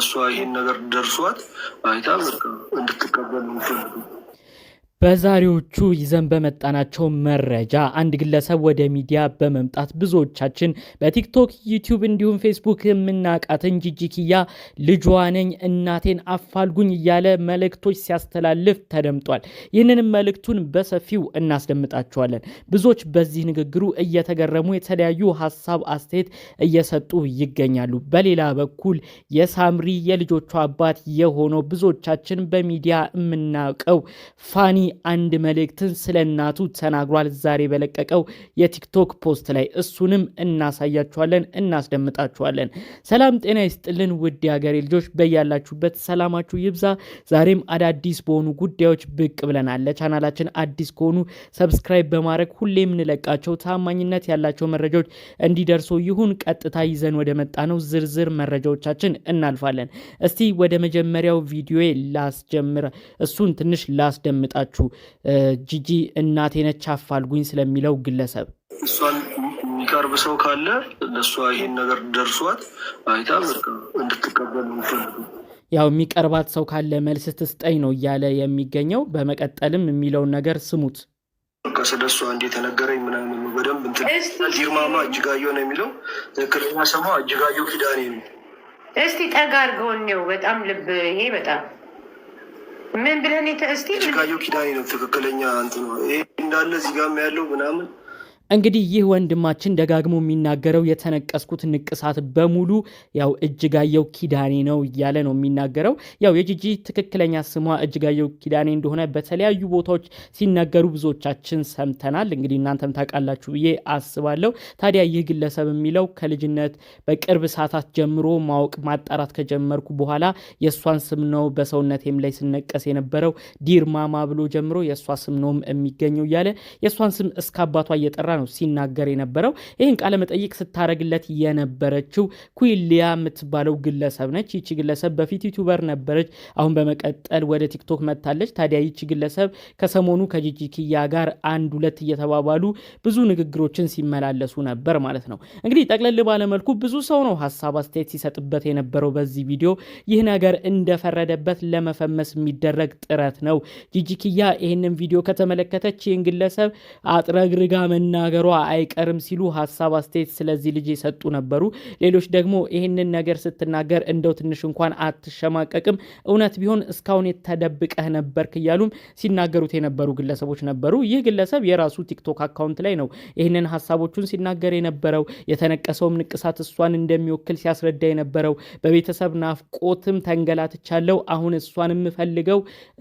እሷ ይህን ነገር ደርሷት አይታ እንድትቀበል በዛሬዎቹ ይዘን በመጣናቸው መረጃ አንድ ግለሰብ ወደ ሚዲያ በመምጣት ብዙዎቻችን በቲክቶክ፣ ዩቲዩብ እንዲሁም ፌስቡክ የምናቃትን ጂጂኪያ ልጇ ነኝ እናቴን አፋልጉኝ እያለ መልእክቶች ሲያስተላልፍ ተደምጧል። ይህንንም መልእክቱን በሰፊው እናስደምጣቸዋለን። ብዙዎች በዚህ ንግግሩ እየተገረሙ የተለያዩ ሀሳብ አስተያየት እየሰጡ ይገኛሉ። በሌላ በኩል የሳምሪ የልጆቿ አባት የሆነው ብዙዎቻችን በሚዲያ የምናውቀው ፋኒ አንድ መልእክትን ስለ እናቱ ተናግሯል። ዛሬ በለቀቀው የቲክቶክ ፖስት ላይ እሱንም እናሳያችኋለን፣ እናስደምጣችኋለን። ሰላም ጤና ይስጥልን ውድ የሀገሬ ልጆች በያላችሁበት ሰላማችሁ ይብዛ። ዛሬም አዳዲስ በሆኑ ጉዳዮች ብቅ ብለናል። ለቻናላችን አዲስ ከሆኑ ሰብስክራይብ በማድረግ ሁሌ የምንለቃቸው ታማኝነት ያላቸው መረጃዎች እንዲደርሱ ይሁን። ቀጥታ ይዘን ወደ መጣ ነው ዝርዝር መረጃዎቻችን እናልፋለን። እስቲ ወደ መጀመሪያው ቪዲዮ ላስጀምር፣ እሱን ትንሽ ላስደምጣችሁ። የሆነችው ጂጂ እናቴ ነች አፋልጉኝ ስለሚለው ግለሰብ እሷን የሚቀርብ ሰው ካለ እሷ ይሄን ነገር ደርሷት አይታ እንድትቀበል ያው የሚቀርባት ሰው ካለ መልስ ትስጠኝ ነው እያለ የሚገኘው። በመቀጠልም የሚለውን ነገር ስሙት። ስለ እሷ እንደ የተነገረኝ ምናምን በደንብ ዲርማማ እጅጋየሁ ነው የሚለው። ትክክለኛ ስሟ እጅጋየሁ ኪዳኔ ነው። እስቲ ጠጋ አድርገውን ነው። በጣም ልብ ይሄ በጣም ምን ብለን የተእስቲ ቃዩ ኪዳኔ ነው ትክክለኛ እንትን ነው ይሄ እንዳለ እዚህ ያለው ምናምን እንግዲህ ይህ ወንድማችን ደጋግሞ የሚናገረው የተነቀስኩት ንቅሳት በሙሉ ያው እጅጋየው ኪዳኔ ነው እያለ ነው የሚናገረው። ያው የጂጂ ትክክለኛ ስሟ እጅጋየው ኪዳኔ እንደሆነ በተለያዩ ቦታዎች ሲናገሩ ብዙዎቻችን ሰምተናል። እንግዲህ እናንተም ታውቃላችሁ ብዬ አስባለሁ። ታዲያ ይህ ግለሰብ የሚለው ከልጅነት በቅርብ ሰዓታት ጀምሮ ማወቅ ማጣራት ከጀመርኩ በኋላ የእሷን ስም ነው በሰውነቴም ላይ ስነቀስ የነበረው ዲርማማ ብሎ ጀምሮ የእሷ ስም ነውም የሚገኘው እያለ የእሷን ስም እስከ አባቷ እየጠራ ነው ሲናገር የነበረው። ይህን ቃለመጠይቅ ስታረግለት የነበረችው ኩሊያ የምትባለው ግለሰብ ነች። ይቺ ግለሰብ በፊት ዩቱበር ነበረች። አሁን በመቀጠል ወደ ቲክቶክ መጥታለች። ታዲያ ይቺ ግለሰብ ከሰሞኑ ከጂጂኪያ ጋር አንድ ሁለት እየተባባሉ ብዙ ንግግሮችን ሲመላለሱ ነበር ማለት ነው። እንግዲህ ጠቅለል ባለመልኩ ብዙ ሰው ነው ሀሳብ አስተያየት ሲሰጥበት የነበረው በዚህ ቪዲዮ ይህ ነገር እንደፈረደበት ለመፈመስ የሚደረግ ጥረት ነው። ጂጂኪያ ይህንን ቪዲዮ ከተመለከተች ይህን ግለሰብ አጥረግርጋ መና መናገሯ አይቀርም ሲሉ ሀሳብ አስተያየት ስለዚህ ልጅ የሰጡ ነበሩ። ሌሎች ደግሞ ይህንን ነገር ስትናገር እንደው ትንሽ እንኳን አትሸማቀቅም፣ እውነት ቢሆን እስካሁን የተደብቀህ ነበርክ እያሉም ሲናገሩት የነበሩ ግለሰቦች ነበሩ። ይህ ግለሰብ የራሱ ቲክቶክ አካውንት ላይ ነው ይህንን ሀሳቦቹን ሲናገር የነበረው የተነቀሰውም ንቅሳት እሷን እንደሚወክል ሲያስረዳ የነበረው በቤተሰብ ናፍቆትም ተንገላትቻለው። አሁን እሷን የምፈልገው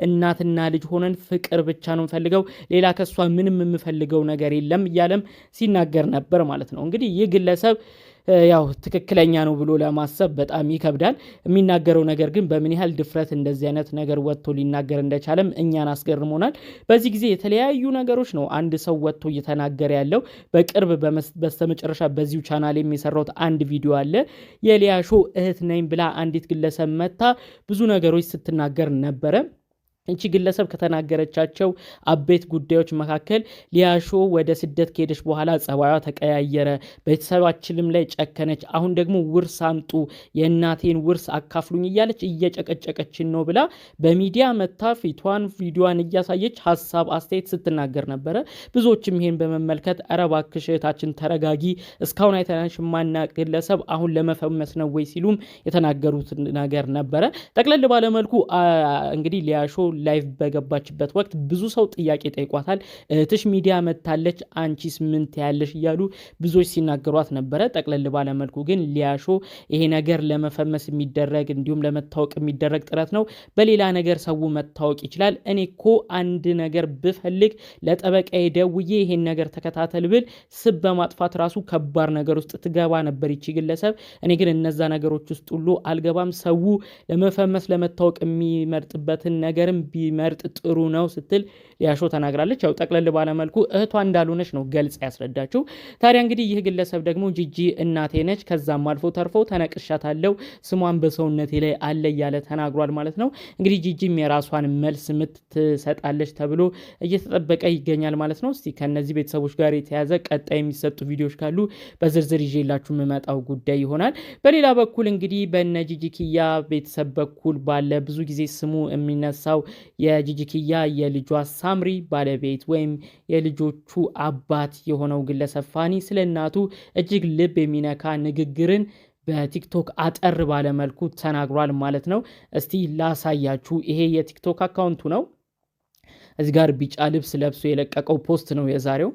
እናትና ልጅ ሆነን ፍቅር ብቻ ነው የምፈልገው፣ ሌላ ከእሷ ምንም የምፈልገው ነገር የለም እያለ በማለትም ሲናገር ነበር ማለት ነው። እንግዲህ ይህ ግለሰብ ያው ትክክለኛ ነው ብሎ ለማሰብ በጣም ይከብዳል። የሚናገረው ነገር ግን በምን ያህል ድፍረት እንደዚህ አይነት ነገር ወጥቶ ሊናገር እንደቻለም እኛን አስገርሞናል። በዚህ ጊዜ የተለያዩ ነገሮች ነው አንድ ሰው ወጥቶ እየተናገረ ያለው። በቅርብ በስተመጨረሻ በዚሁ ቻናል የሚሰራውት አንድ ቪዲዮ አለ። የሊያሾ እህት ነኝ ብላ አንዲት ግለሰብ መታ ብዙ ነገሮች ስትናገር ነበረ። እንቺ ግለሰብ ከተናገረቻቸው አበይት ጉዳዮች መካከል ሊያሾ ወደ ስደት ከሄደች በኋላ ጸባዩ ተቀያየረ፣ ቤተሰባችንም ላይ ጨከነች። አሁን ደግሞ ውርስ አምጡ፣ የእናቴን ውርስ አካፍሉኝ እያለች እየጨቀጨቀችን ነው ብላ በሚዲያ መታ ፊቷን ቪዲዮዋን እያሳየች ሀሳብ አስተያየት ስትናገር ነበረ። ብዙዎችም ይሄን በመመልከት ኧረ እባክሽ እህታችን ተረጋጊ፣ እስካሁን አይተናሽ ማናቅ ግለሰብ አሁን ለመፈመስ ነው ወይ ሲሉም የተናገሩት ነገር ነበረ። ጠቅለል ባለመልኩ እንግዲህ ሊያሾ ላይቭ በገባችበት ወቅት ብዙ ሰው ጥያቄ ጠይቋታል። እህትሽ ሚዲያ መታለች፣ አንቺስ ምን ትያለሽ? እያሉ ብዙዎች ሲናገሯት ነበረ። ጠቅለል ባለመልኩ ግን ሊያሾ ይሄ ነገር ለመፈመስ የሚደረግ እንዲሁም ለመታወቅ የሚደረግ ጥረት ነው። በሌላ ነገር ሰው መታወቅ ይችላል። እኔ እኮ አንድ ነገር ብፈልግ ለጠበቃ ደውዬ ይሄን ነገር ተከታተል ብል ስብ በማጥፋት ራሱ ከባድ ነገር ውስጥ ትገባ ነበር ይቺ ግለሰብ። እኔ ግን እነዛ ነገሮች ውስጥ ሁሉ አልገባም። ሰው ለመፈመስ ለመታወቅ የሚመርጥበትን ነገርም ቢመርጥ ጥሩ ነው ስትል ሊያሾ ተናግራለች። ያው ጠቅለል ባለመልኩ እህቷ እንዳልሆነች ነው ገልጽ ያስረዳችው። ታዲያ እንግዲህ ይህ ግለሰብ ደግሞ ጂጂ እናቴ ነች፣ ከዛም አልፎ ተርፎ ተነቅሻታለው፣ ስሟን በሰውነቴ ላይ አለ እያለ ተናግሯል ማለት ነው። እንግዲህ ጂጂም የራሷን መልስ ምት ትሰጣለች ተብሎ እየተጠበቀ ይገኛል ማለት ነው። እስቲ ከነዚህ ቤተሰቦች ጋር የተያዘ ቀጣይ የሚሰጡ ቪዲዮዎች ካሉ በዝርዝር ይዤላችሁ የምመጣው ጉዳይ ይሆናል። በሌላ በኩል እንግዲህ በነ ጂጂ ኪያ ቤተሰብ በኩል ባለ ብዙ ጊዜ ስሙ የሚነሳው የጂጂኪያ የልጇ ሳምሪ ባለቤት ወይም የልጆቹ አባት የሆነው ግለሰብ ፋኒ ስለ እናቱ እጅግ ልብ የሚነካ ንግግርን በቲክቶክ አጠር ባለመልኩ ተናግሯል ማለት ነው። እስቲ ላሳያችሁ። ይሄ የቲክቶክ አካውንቱ ነው። እዚህ ጋር ቢጫ ልብስ ለብሶ የለቀቀው ፖስት ነው የዛሬው።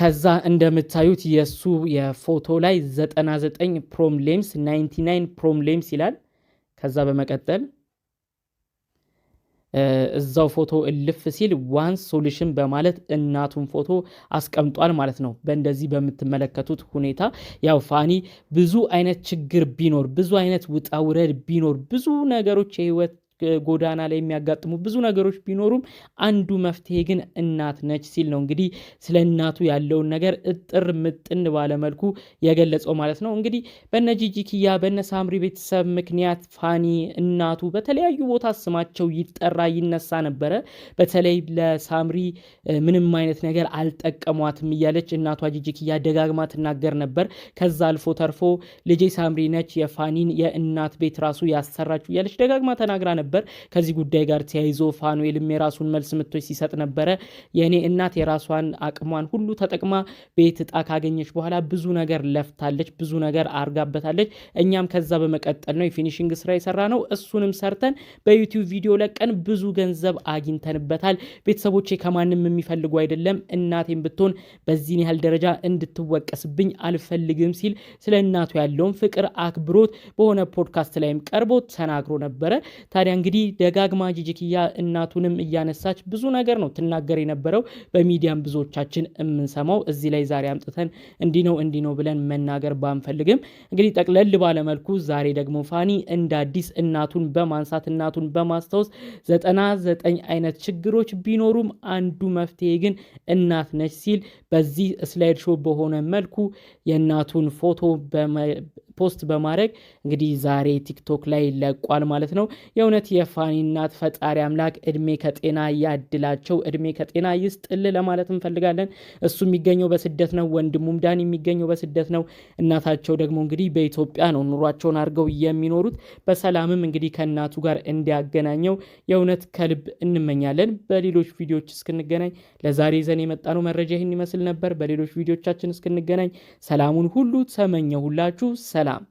ከዛ እንደምታዩት የእሱ የፎቶ ላይ 99 ፕሮምሌምስ 99 ፕሮምሌምስ ይላል። ከዛ በመቀጠል እዛው ፎቶ እልፍ ሲል ዋንስ ሶሉሽን በማለት እናቱን ፎቶ አስቀምጧል ማለት ነው። በእንደዚህ በምትመለከቱት ሁኔታ ያው ፋኒ ብዙ አይነት ችግር ቢኖር ብዙ አይነት ውጣ ውረድ ቢኖር ብዙ ነገሮች የህይወት ጎዳና ላይ የሚያጋጥሙ ብዙ ነገሮች ቢኖሩም አንዱ መፍትሄ ግን እናት ነች ሲል ነው እንግዲህ ስለ እናቱ ያለውን ነገር እጥር ምጥን ባለመልኩ የገለጸው ማለት ነው። እንግዲህ በነ ጂጂ ኪያ በነ ሳምሪ ቤተሰብ ምክንያት ፋኒ እናቱ በተለያዩ ቦታ ስማቸው ይጠራ ይነሳ ነበረ። በተለይ ለሳምሪ ምንም አይነት ነገር አልጠቀሟትም እያለች እናቷ ጂጂ ኪያ ደጋግማ ትናገር ነበር። ከዛ አልፎ ተርፎ ልጄ ሳምሪ ነች የፋኒን የእናት ቤት ራሱ ያሰራችሁ እያለች ደጋግማ ተናግራ ነበር። ነበር። ከዚህ ጉዳይ ጋር ተያይዞ ፋኑኤልም የራሱን መልስ ምቶች ሲሰጥ ነበረ። የእኔ እናት የራሷን አቅሟን ሁሉ ተጠቅማ ቤት እጣ ካገኘች በኋላ ብዙ ነገር ለፍታለች፣ ብዙ ነገር አርጋበታለች። እኛም ከዛ በመቀጠል ነው የፊኒሽንግ ስራ የሰራ ነው። እሱንም ሰርተን በዩቲዩብ ቪዲዮ ለቀን ብዙ ገንዘብ አግኝተንበታል። ቤተሰቦቼ ከማንም የሚፈልጉ አይደለም። እናቴም ብትሆን በዚህን ያህል ደረጃ እንድትወቀስብኝ አልፈልግም ሲል ስለ እናቱ ያለውን ፍቅር አክብሮት በሆነ ፖድካስት ላይም ቀርቦ ተናግሮ ነበረ። ታዲያ እንግዲህ ደጋግማ ጅጅክያ እናቱንም እያነሳች ብዙ ነገር ነው ትናገር የነበረው። በሚዲያም ብዙዎቻችን የምንሰማው እዚህ ላይ ዛሬ አምጥተን እንዲህ ነው እንዲህ ነው ብለን መናገር ባንፈልግም እንግዲህ ጠቅለል ባለመልኩ ዛሬ ደግሞ ፋኒ እንደ አዲስ እናቱን በማንሳት እናቱን በማስታወስ ዘጠና ዘጠኝ አይነት ችግሮች ቢኖሩም አንዱ መፍትሄ ግን እናት ነች ሲል በዚህ ስላይድ ሾ በሆነ መልኩ የእናቱን ፎቶ ፖስት በማድረግ እንግዲህ ዛሬ ቲክቶክ ላይ ለቋል ማለት ነው የእውነት የፋኒ እናት ፈጣሪ አምላክ እድሜ ከጤና ያድላቸው፣ እድሜ ከጤና ይስጥል ለማለት እንፈልጋለን። እሱ የሚገኘው በስደት ነው። ወንድሙም ዳን የሚገኘው በስደት ነው። እናታቸው ደግሞ እንግዲህ በኢትዮጵያ ነው ኑሯቸውን አድርገው የሚኖሩት። በሰላምም እንግዲህ ከእናቱ ጋር እንዲያገናኘው የእውነት ከልብ እንመኛለን። በሌሎች ቪዲዮዎች እስክንገናኝ ለዛሬ ይዘን የመጣነው መረጃ ይህን ይመስል ነበር። በሌሎች ቪዲዮቻችን እስክንገናኝ ሰላሙን ሁሉ ተመኘሁላችሁ። ሰላም